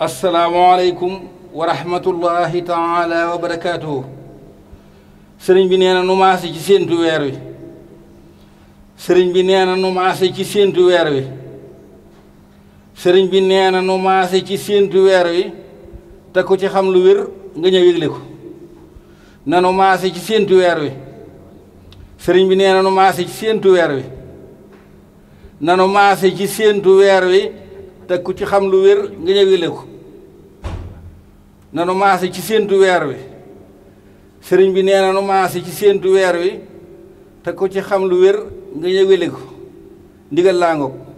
asalaamualeykum wa rahmatullahi taala wa barakaatuhu sëriñ bi neena nu maase ci séentu weer wi sëriñ bi nee na nu maase ci séentu weer wi sëriñ bi nee nu maase ci séentu weer ku ci xam lu wér nga ñëw yëgle ko na nu maase ci séentu weer wi sëriñ bi nee na nu maase ci séentu weer wi na nu maase ci séentu weer wi te ku ci xam lu wér nga ñëwele ko nanu maase ci séentu weer wi sëriñ bi nee nanu maase ci séentu weer wi teg ku ci xam lu wér nga ñëwele ko ndigal laa ngoog